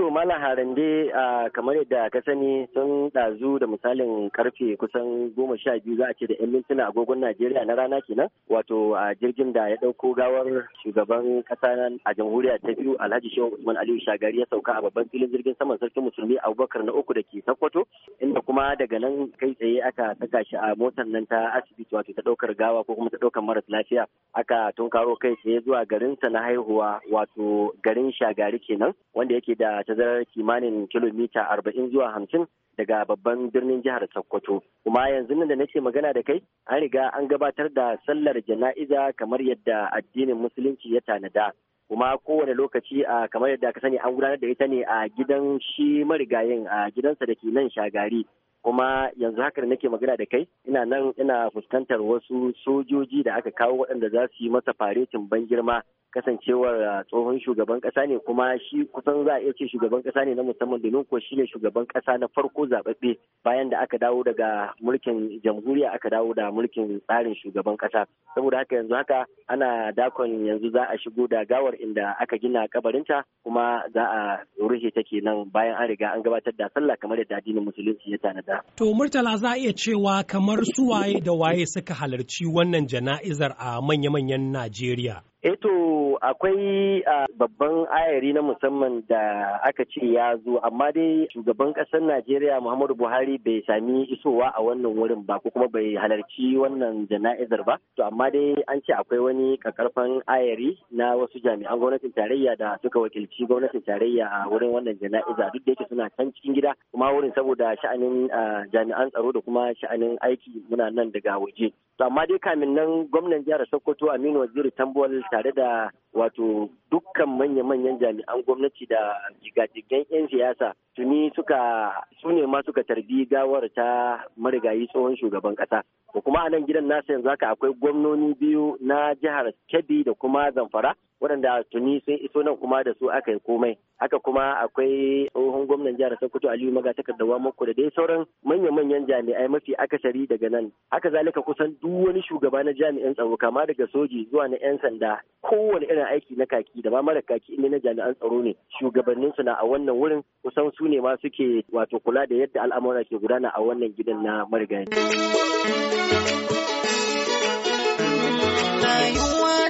To Mala Harande kamar yadda ka sani sun ɗazu da misalin karfe kusan goma sha biyu za a ce da 'yan mintuna agogon Najeriya na rana kenan wato a jirgin da ya ɗauko gawar shugaban ƙasa a jamhuriya ta biyu Alhaji Shehu Usman Aliyu Shagari ya sauka a babban filin jirgin saman sarkin musulmi Abubakar na uku da ke sakkwato inda kuma daga nan kai tsaye aka saka shi a motar nan ta asibiti wato ta ɗaukar gawa ko kuma ta ɗaukar maras lafiya aka tunkaro kai tsaye zuwa garinsa na haihuwa wato garin Shagari kenan wanda yake da tazarar kimanin kilomita arba'in zuwa hamsin daga babban birnin jihar Sokoto. Kuma yanzu nan da nake magana da kai, an riga an gabatar da sallar jana'iza kamar yadda addinin musulunci ya tanada. Kuma kowane lokaci a kamar yadda ka sani an gudanar da ita ne a gidan shi marigayin a gidansa da ke nan shagari. kuma yanzu haka da nake magana da kai ina nan ina fuskantar wasu sojoji da aka kawo waɗanda za su yi masa faretin ban girma kasancewar ah, tsohon shugaban ƙasa ne kuma shi kusan za a iya ce shugaban ƙasa ne na musamman domin ko shi ne shugaban ƙasa na farko zaɓaɓɓe bayan da aka dawo daga mulkin jamhuriya aka dawo da mulkin tsarin shugaban ƙasa saboda haka yanzu haka ana dakon yanzu za a shigo da gawar inda aka gina kabarinta kuma za a rufe take nan bayan an riga an gabatar da sallah kamar yadda addinin musulunci ya tanada To Murtala za a iya cewa kamar su waye da waye suka halarci wannan jana'izar a manya-manyan Najeriya. Eto eh akwai babban ayari na musamman da aka ce ya zo amma dai shugaban ƙasar Najeriya Muhammadu Buhari bai sami isowa a wannan wurin ba ko kuma bai halarci wannan jana'izar ba. To amma dai an ce akwai wani kakarfan ayari na wasu jami'an gwamnatin tarayya da suka wakilci gwamnatin tarayya a wurin wannan jana'iza duk da yake suna can cikin gida kuma wurin saboda sha'anin jami'an tsaro da kuma sha'anin aiki muna nan daga waje. To amma dai kamin nan gwamnan jihar Sokoto Aminu Waziri Tambol tare da wato dukkan manya-manyan jami'an gwamnati da jigajigan 'yan siyasa tuni suka su ma suka tarbi gawar ta marigayi tsohon shugaban kasa ko kuma a nan gidan nasa yanzu haka akwai gwamnoni biyu na jihar kebbi da kuma zamfara waɗanda tuni sun iso nan kuma da su aka yi komai haka kuma akwai tsohon gwamnan jihar Sokoto Aliyu Maga takardawa muku da dai sauran manya-manyan jami'ai mafi akasari daga nan haka zalika kusan duk wani shugaba na jami'an tsaro kama daga soji zuwa na 'yan sanda kowane irin aiki na kaki da ma mara kaki inda na jami'an tsaro ne shugabannin su na a wannan wurin kusan su ne ma suke wato kula da yadda al'amura ke gudana a wannan gidan na marigayi.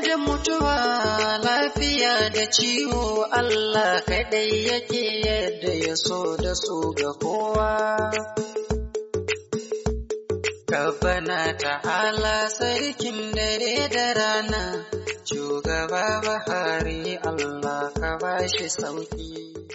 da mutuwa lafiya da ciwo Allah kaɗai yake yadda ya so da su ga kowa. ta ta'ala sarkin dare da rana, shugaba Buhari Allah ka bashi sauki.